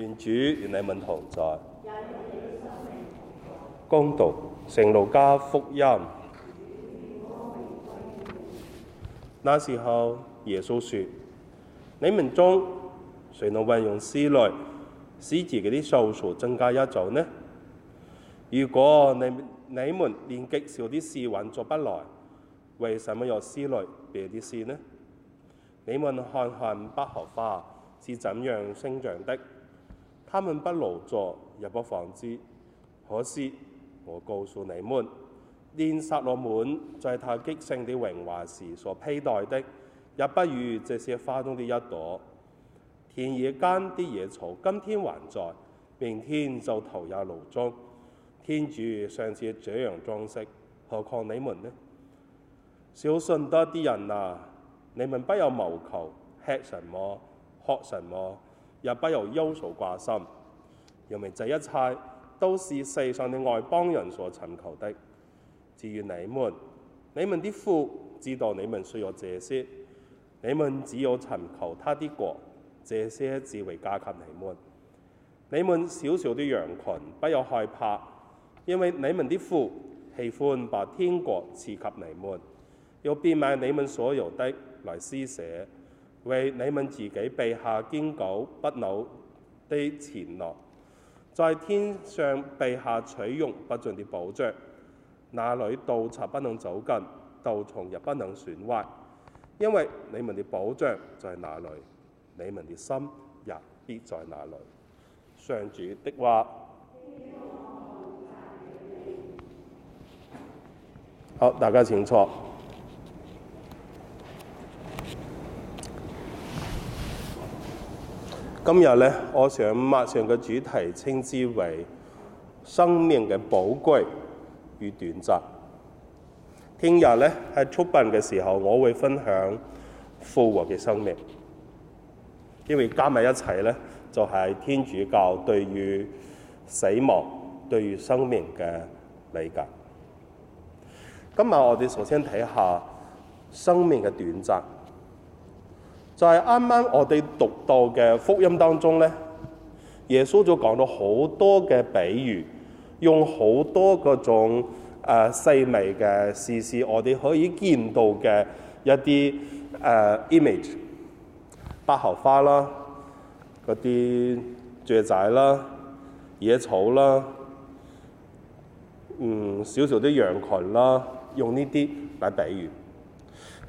原主與你們同在。恭讀《聖路加福音》。那時候，耶穌說：你們中誰能運用思慮使自己啲數數增加一組呢？如果你你們連極少啲事運作不來，為什麼又思慮別啲事呢？你們看看百合花是怎樣生長的？他們不勞作也不紡織。可是我告訴你們，連撒羅滿在他極盛的榮華時所披戴的，也不如這些花中的一朵。田野間啲野草，今天還在，明天就投入爐中。天主尚且這樣裝飾，何況你們呢？小信德啲人啊，你們不要謀求吃什麼、喝什麼。也不由憂愁掛心，因為這一切都是世上的外邦人所尋求的。至於你們，你們的父知道你們需要這些，你們只有尋求他的國，這些就會加給你們。你們小小的羊群，不要害怕，因為你們的父喜歡把天國賜給你們，要變賣你們所有的來施捨。為你們自己備下經久不朽的錢囊，在天上備下取用不盡的寶藏，那裏盜賊不能走近，蠹蟲也不能損壞，因為你們的寶藏在那裏，你們的心也必在那裏。上主的話。好，大家請坐。今日咧，我想默上嘅主題稱之為生命嘅寶貴與短暫。聽日咧喺出殯嘅時候，我會分享復活嘅生命，因為加埋一齊咧，就係天主教對於死亡、對於生命嘅理解。今日我哋首先睇下生命嘅短暫。就係啱啱我哋讀到嘅福音當中咧，耶穌就講到好多嘅比喻用很，用好多嗰種誒細微嘅事事，我哋可以見到嘅一啲誒、呃、image，百合花啦，嗰啲雀仔啦，野草啦，嗯，少少啲羊群啦，用呢啲嚟比喻。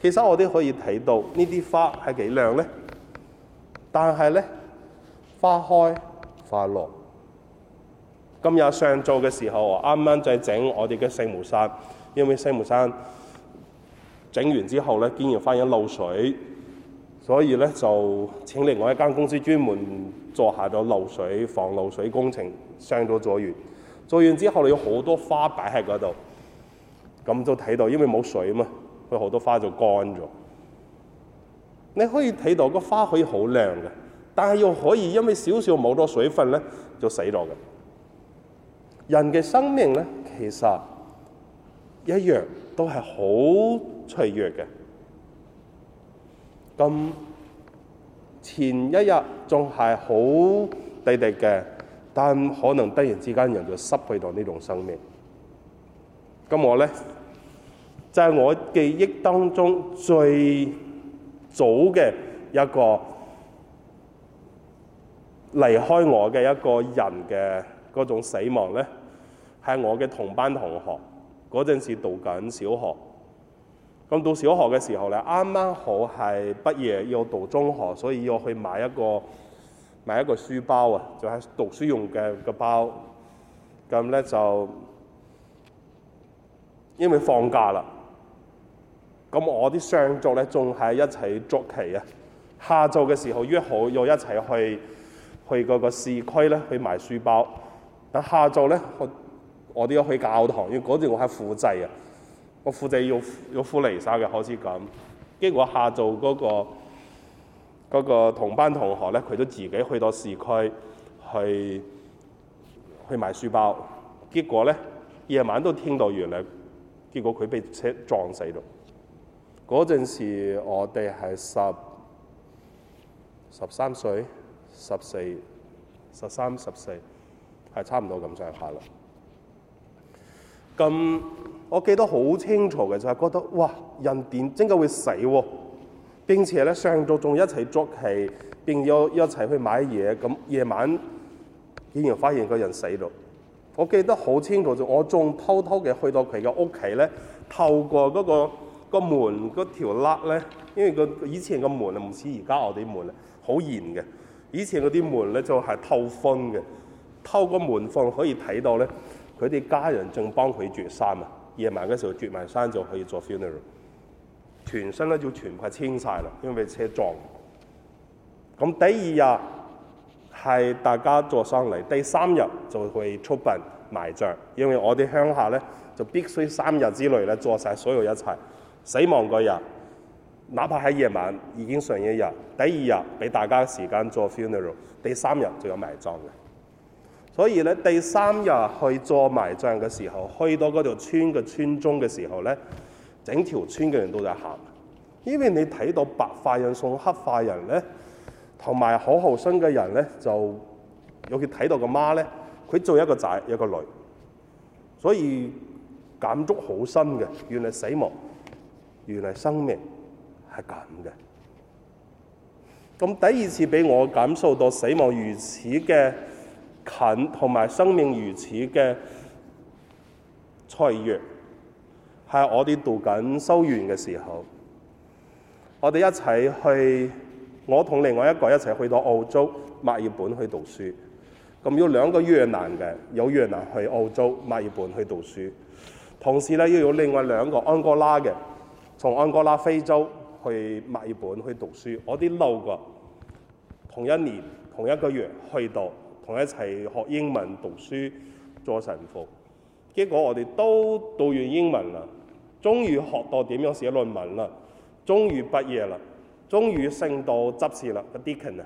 其實我哋可以睇到這些是亮呢啲花係幾靚咧，但係咧，花開花落。今日上晝嘅時候，啱啱在整我哋嘅聖母山，因為聖母山整完之後咧，竟然發現漏水，所以咧就請另外一間公司專門做下咗漏水防漏水工程，上咗做，做完，做完之後你有好多花擺喺嗰度，咁就睇到，因為冇水啊嘛。佢好多花就乾咗，你可以睇到個花可以好靚嘅，但係又可以因為少少冇多水分咧，就死咗嘅。人嘅生命咧，其實一樣都係好脆弱嘅。咁前一日仲係好地地嘅，但可能突然之間人就失去到呢種生命。咁我咧？就係、是、我的記憶當中最早嘅一個離開我嘅一個人嘅嗰種死亡咧，係我嘅同班同學，嗰陣時讀緊小學。咁到小學嘅時候咧，啱啱好係畢業要讀中學，所以要去買一個買一個書包啊，就係、是、讀書用嘅個包。咁咧就因為放假啦。咁我啲上晝咧仲係一齊捉棋啊。下晝嘅時候約好又一齊去去嗰個市區咧去買書包。等下晝咧，我我都要去教堂，因為嗰陣我係輔祭啊。我輔祭要要輔彌撒嘅，好似咁。結果下晝嗰、嗰個嗰個同班同學咧，佢都自己去到市區去去買書包。結果咧，夜晚都聽到原來，結果佢被車撞死咗。嗰陣時我是，我哋係十十三歲，十四、十三、十四，係差唔多咁上下啦。咁我記得好清楚嘅就係，是、覺得哇，人點點解會死呢？並且咧，上晝仲一齊捉棋，並要一齊去買嘢。咁夜晚竟然發現個人死咗。我記得好清楚嘅，就我仲偷偷嘅去到佢嘅屋企咧，透過嗰，那個。個門嗰條罅咧，因為個以前個門啊唔似而家我哋門啊，好嚴嘅。以前嗰啲門咧就係透風嘅，透過門縫可以睇到咧，佢哋家人正幫佢著衫啊。夜晚嗰時候著埋衫就可以做 funeral，全身咧就全部係清晒啦，因為車撞。咁第二日係大家做喪禮，第三日就去出殯埋葬，因為我哋鄉下咧就必須三日之內咧做晒所有一切。死亡嗰日，哪怕喺夜晚已經上一日。第二日俾大家的時間做 funeral，第三日就有埋葬嘅。所以咧，第三日去做埋葬嘅時候，去到嗰條村嘅村中嘅時候咧，整條村嘅人都在喊。因為你睇到白髮人送黑髮人咧，同埋好後生嘅人咧，就尤其睇到個媽咧，佢做一個仔一個女，所以感觸好深嘅。原來死亡。原來生命係咁嘅。咁第二次俾我感受到死亡如此嘅近，同埋生命如此嘅脆弱，係我哋讀緊修院嘅時候，我哋一齊去，我同另外一個一齊去到澳洲、墨爾本去讀書。咁要兩個越南嘅，有越南去澳洲、墨爾本去讀書，同時咧要有另外兩個安哥拉嘅。從安哥拉非洲去墨爾本去讀書，我哋六個同一年同一個月去到，同一齊學英文讀書做神父。結果我哋都讀完英文啦，終於學到點樣寫論文啦，終於畢業啦，終於升到執事啦。個 Deacon 啊，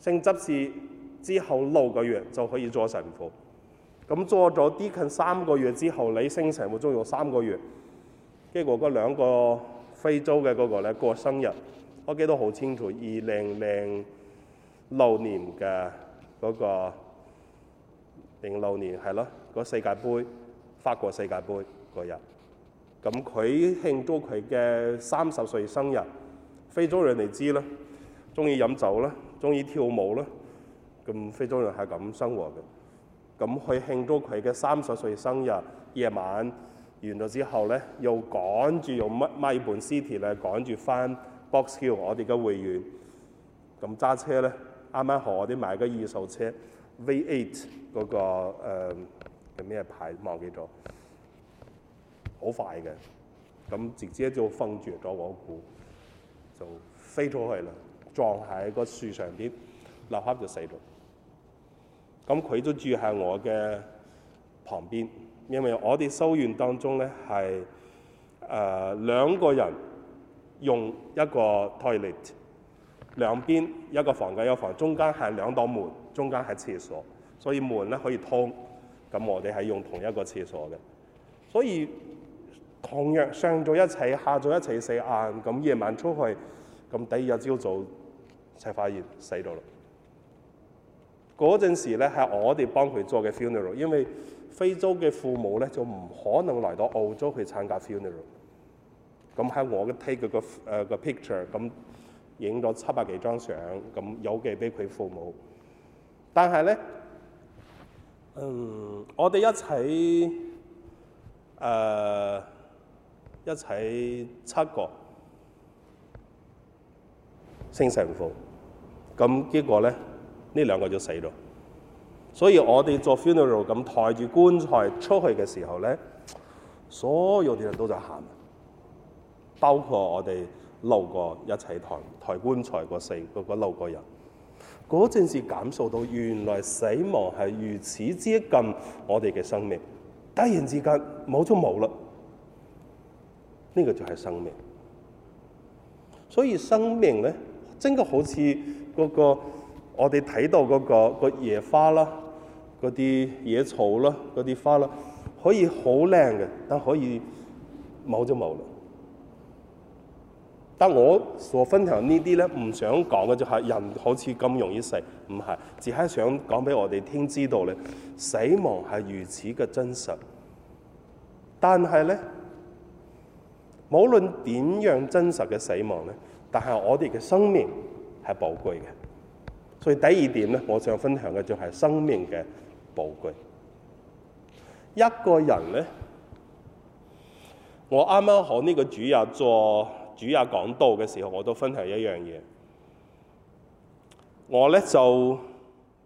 升執事之後六個月就可以做神父。咁做咗 Deacon 三個月之後，你升神父仲要三個月。結果嗰兩個非洲嘅嗰個咧過生日，我記得好清楚，二零零六年嘅嗰、嗰個零六年係咯，個世界盃法國世界盃嗰日，咁佢慶祝佢嘅三十歲生日。非洲人你知啦，鍾意飲酒啦，鍾意跳舞啦，咁非洲人係咁生活嘅。咁佢慶祝佢嘅三十歲生日夜晚。完咗之後咧，又趕住用乜 Melbourne City 咧，趕住翻 Box Hill 我哋嘅會員，咁揸車咧，啱啱好我哋買個二手車 V8 嗰個，誒係咩牌忘記咗，好快嘅，咁直接就封住咗我個，就飛咗去啦，撞喺個樹上邊，立刻就死咗。咁佢都住喺我嘅旁邊。因為我哋修院當中咧係誒兩個人用一個 toilet，兩邊一個房間一個房間，中間係兩道門，中間係廁所，所以門咧可以通。咁我哋係用同一個廁所嘅，所以同樣上咗一齊，下咗一齊死晏，咁、啊、夜晚出去，咁第二日朝早就發現死咗啦。嗰陣時咧係我哋幫佢做嘅 funeral，因為非洲嘅父母咧就唔可能嚟到澳洲去參加 funeral。咁喺我嘅 take 嗰個誒 picture，咁影咗七百幾張相，咁有寄俾佢父母。但係咧，嗯，我哋一齊誒、uh, 一齊七個升神父，咁結果咧呢兩個就死咗。所以我哋做 funeral 咁抬住棺材出去嘅時候咧，所有啲人都在喊，包括我哋路過一齊抬抬棺材嗰四嗰嗰路過人，嗰陣時感受到原來死亡係如此接近，我哋嘅生命突然之間冇咗冇啦，呢、這個就係生命。所以生命咧，真係好似嗰、那個我哋睇到嗰、那個個野花啦。嗰啲野草啦，嗰啲花啦，可以好靚嘅，但可以冇就冇啦。但我所分享呢啲咧，唔想講嘅就係人好似咁容易死，唔係，只係想講俾我哋聽知道咧，死亡係如此嘅真實。但係咧，無論點樣真實嘅死亡咧，但係我哋嘅生命係寶貴嘅。所以第二點咧，我想分享嘅就係生命嘅。寶貴。一個人呢，我啱啱學呢個主日做主日講道嘅時候，我都分享一樣嘢。我呢就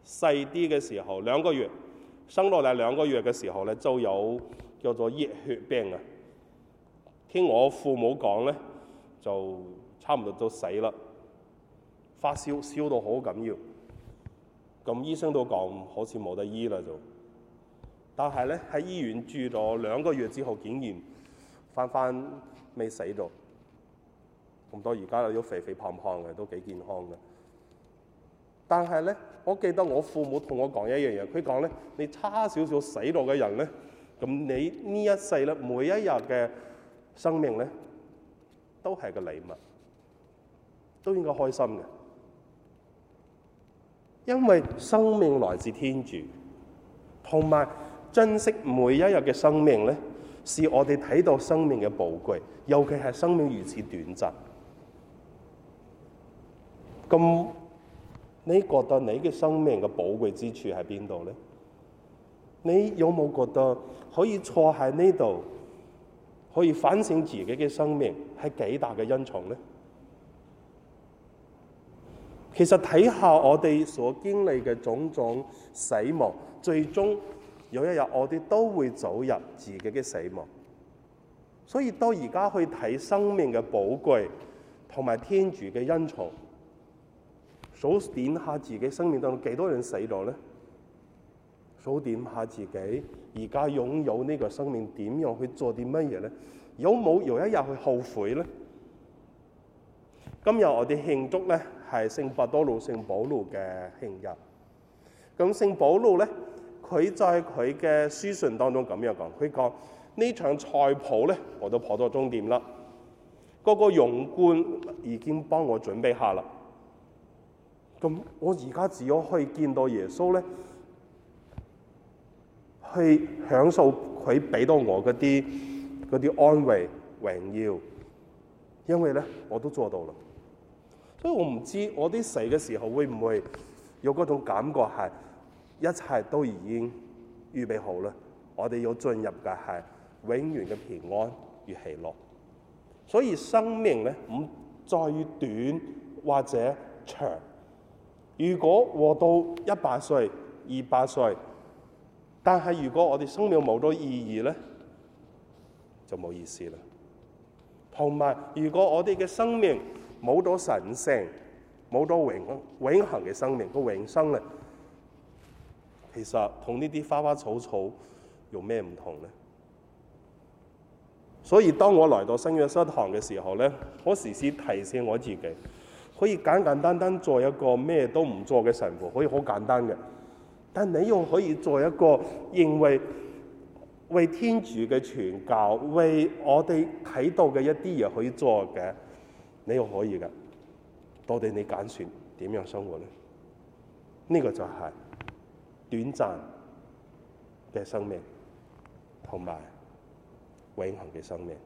細啲嘅時候，兩個月生落嚟兩個月嘅時候呢，就有叫做熱血病啊。聽我父母講呢，就差唔多都死啦，發燒燒到好緊要。咁醫生都講好似冇得醫啦，就，但係咧喺醫院住咗兩個月之後，竟然翻翻未死到，咁多而家都肥肥胖胖嘅，都幾健康嘅。但係咧，我記得我父母同我講一樣嘢，佢講咧，你差少少死咗嘅人咧，咁你呢一世咧，每一日嘅生命咧，都係個禮物，都應該開心嘅。因為生命來自天主，同埋珍惜每一日嘅生命咧，是我哋睇到生命嘅寶貴，尤其係生命如此短暫。咁你覺得你嘅生命嘅寶貴之處喺邊度咧？你有冇覺得可以坐喺呢度，可以反省自己嘅生命係幾大嘅恩寵咧？其實睇下我哋所經歷嘅種種死亡，最終有一日我哋都會走入自己嘅死亡。所以到而家去睇生命嘅寶貴，同埋天主嘅恩寵，數點下自己生命當中幾多人死咗咧？數點下自己而家擁有呢個生命，點樣去做啲乜嘢咧？有冇有，有一日去後悔咧？今日我哋慶祝咧。係聖伯多祿聖保祿嘅慶日。咁聖保祿咧，佢就喺佢嘅書信當中咁樣講，佢講呢場賽跑咧，我都破咗終點啦。個、嗰個容冠已經幫我準備下啦。咁我而家只可去見到耶穌咧，去享受佢俾到我嗰啲嗰啲安慰榮耀，因為咧，我都做到啦。所以我唔知我啲死嘅時候會唔會有嗰種感覺係一切都已經預備好咧？我哋要進入嘅係永遠嘅平安與喜樂。所以生命咧唔在於短或者長。如果活到一百歲、二百歲，但係如果我哋生命冇咗意義咧，就冇意思啦。同埋如果我哋嘅生命，冇到神聖，冇到永永恆嘅生命，個永生咧，其實同呢啲花花草草有咩唔同咧？所以當我來到聖約書堂嘅時候咧，我時時提醒我自己，可以簡簡單單做一個咩都唔做嘅神父，可以好簡單嘅。但你又可以做一個認為為天主嘅傳教，為我哋睇到嘅一啲嘢可以做嘅。你又可以噶？到底你揀選點樣生活咧？呢、呢個就係短暫嘅生命，同埋永恒嘅生命。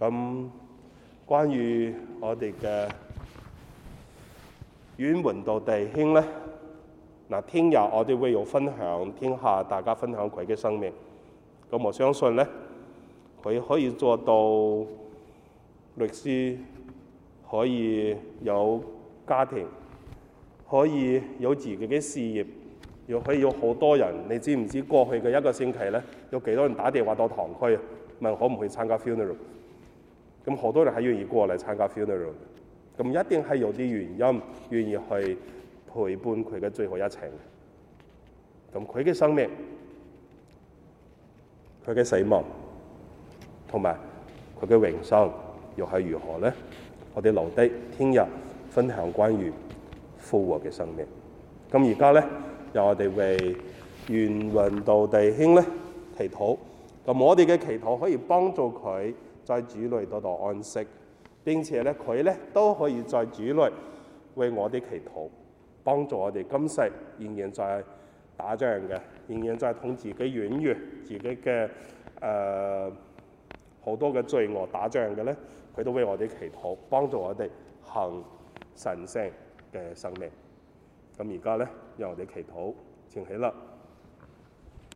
咁關於我哋嘅遠門到弟兄咧，嗱，聽日我哋會有分享，聽下大家分享佢嘅生命。咁我相信咧，佢可以做到。律師可以有家庭，可以有自己嘅事業，又可以有好多人。你知唔知過去嘅一個星期咧，有幾多人打電話到堂區問可唔可以參加 funeral？咁好多人係願意過嚟參加 funeral，咁一定係有啲原因願意去陪伴佢嘅最後一程。咁佢嘅生命、佢嘅死亡同埋佢嘅榮生，又係如何咧？我哋留低聽日分享關於復活嘅生命。咁而家咧，由我哋為阮雲道弟兄咧祈禱。咁我哋嘅祈禱可以幫助佢在主裏多多安息。並且咧，佢咧都可以在主裏為我哋祈禱，幫助我哋今世仍然在打仗嘅，仍然在同自己軟弱、自己嘅誒好多嘅罪惡打仗嘅咧。佢都為我哋祈禱，幫助我哋行神聖嘅生命。咁而家呢，讓我哋祈禱，請起立。